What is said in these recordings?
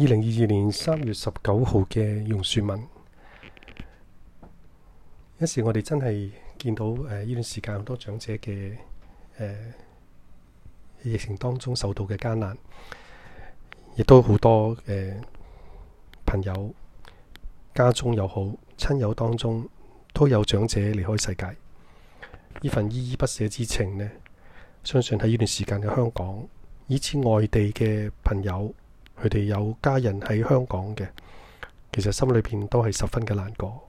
二零二二年三月十九號嘅榕樹文，一時我哋真係見到誒呢、呃、段時間好多長者嘅誒、呃、疫情當中受到嘅艱難，亦都好多誒、呃、朋友家中又好親友當中都有長者離開世界，呢份依依不捨之情呢，相信喺呢段時間嘅香港，以至外地嘅朋友。佢哋有家人喺香港嘅，其實心裏邊都係十分嘅難過。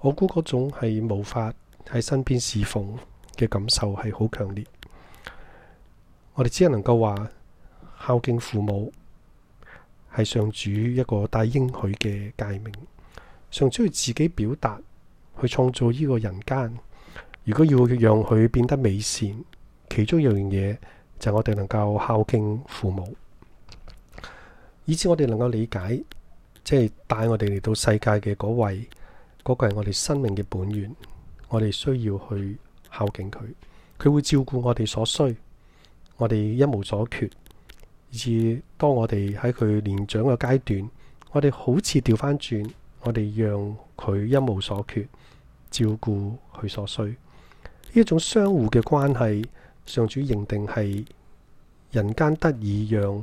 我估嗰種係無法喺身邊侍奉嘅感受係好強烈。我哋只能夠話孝敬父母係上主一個帶應許嘅誡命。上主要自己表達去創造呢個人間。如果要讓佢變得美善，其中一樣嘢就係我哋能夠孝敬父母。以至我哋能夠理解，即係帶我哋嚟到世界嘅嗰位，嗰個係我哋生命嘅本源，我哋需要去孝敬佢。佢會照顧我哋所需，我哋一無所缺。而當我哋喺佢年長嘅階段，我哋好似調翻轉，我哋讓佢一無所缺，照顧佢所需。呢一種相互嘅關係，上主認定係人間得以讓。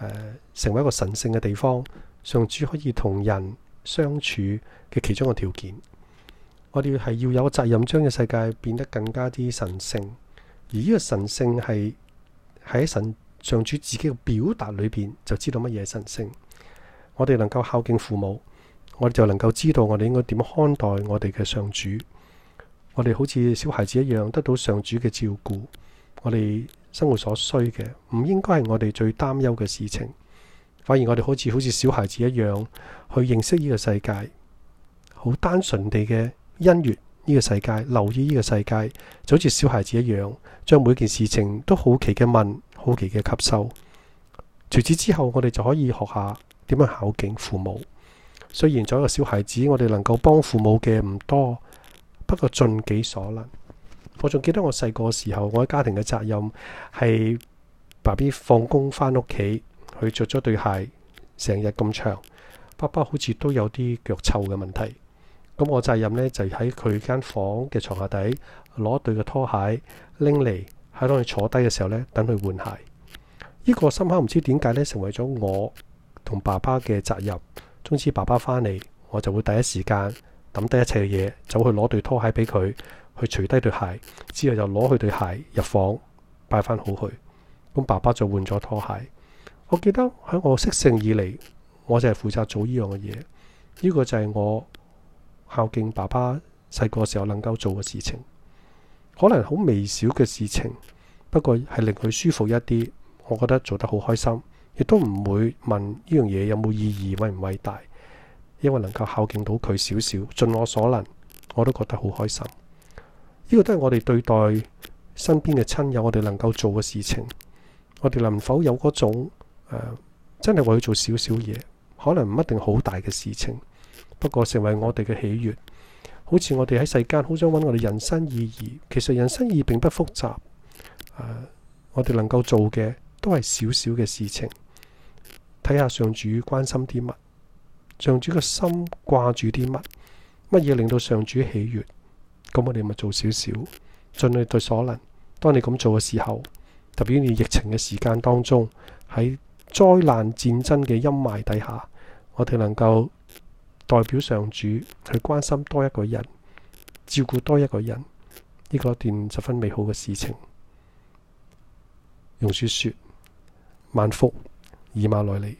誒，成為一個神聖嘅地方，上主可以同人相處嘅其中個條件，我哋係要有責任將個世界變得更加啲神聖。而呢個神聖係喺神上主自己嘅表達裏邊，就知道乜嘢神聖。我哋能夠孝敬父母，我哋就能夠知道我哋應該點看待我哋嘅上主。我哋好似小孩子一樣，得到上主嘅照顧，我哋，生活所需嘅唔應該係我哋最擔憂嘅事情，反而我哋好似好似小孩子一樣去認識呢個世界，好單純地嘅恩怨呢個世界，留意呢個世界，就好似小孩子一樣將每件事情都好奇嘅問，好奇嘅吸收。除此之後，我哋就可以學下點樣孝敬父母。雖然作為一個小孩子，我哋能夠幫父母嘅唔多，不過盡己所能。我仲記得我細個嘅時候，我喺家庭嘅責任係爸爸放工翻屋企，佢着咗對鞋，成日咁長。爸爸好似都有啲腳臭嘅問題，咁我責任呢，就喺佢間房嘅床下底攞對嘅拖鞋拎嚟，喺當佢坐低嘅時候呢，等佢換鞋。呢個深刻唔知點解呢，成為咗我同爸爸嘅責任。總之爸爸翻嚟，我就會第一時間抌低一切嘅嘢，走去攞對拖鞋俾佢。去除低對鞋之後就去鞋，就攞佢對鞋入房擺翻好去。咁爸爸就換咗拖鞋。我記得喺我適性以嚟，我就係負責做呢樣嘅嘢。呢、這個就係我孝敬爸爸細個時候能夠做嘅事情，可能好微小嘅事情，不過係令佢舒服一啲。我覺得做得好開心，亦都唔會問呢樣嘢有冇意義，偉唔偉大，因為能夠孝敬到佢少少，盡我所能，我都覺得好開心。呢個都係我哋對待身邊嘅親友，我哋能夠做嘅事情，我哋能否有嗰種、啊、真係為佢做少少嘢，可能唔一定好大嘅事情，不過成為我哋嘅喜悅。好似我哋喺世間好想揾我哋人生意義，其實人生意義並不複雜。啊、我哋能夠做嘅都係少少嘅事情，睇下上主關心啲乜，上主個心掛住啲乜，乜嘢令到上主喜悅。咁我哋咪做少少，盡你對所能。當你咁做嘅時候，特別於疫情嘅時間當中，喺災難戰爭嘅陰霾底下，我哋能夠代表上主去關心多一個人，照顧多一個人，呢個一段十分美好嘅事情。用樹説：萬福，以馬內利。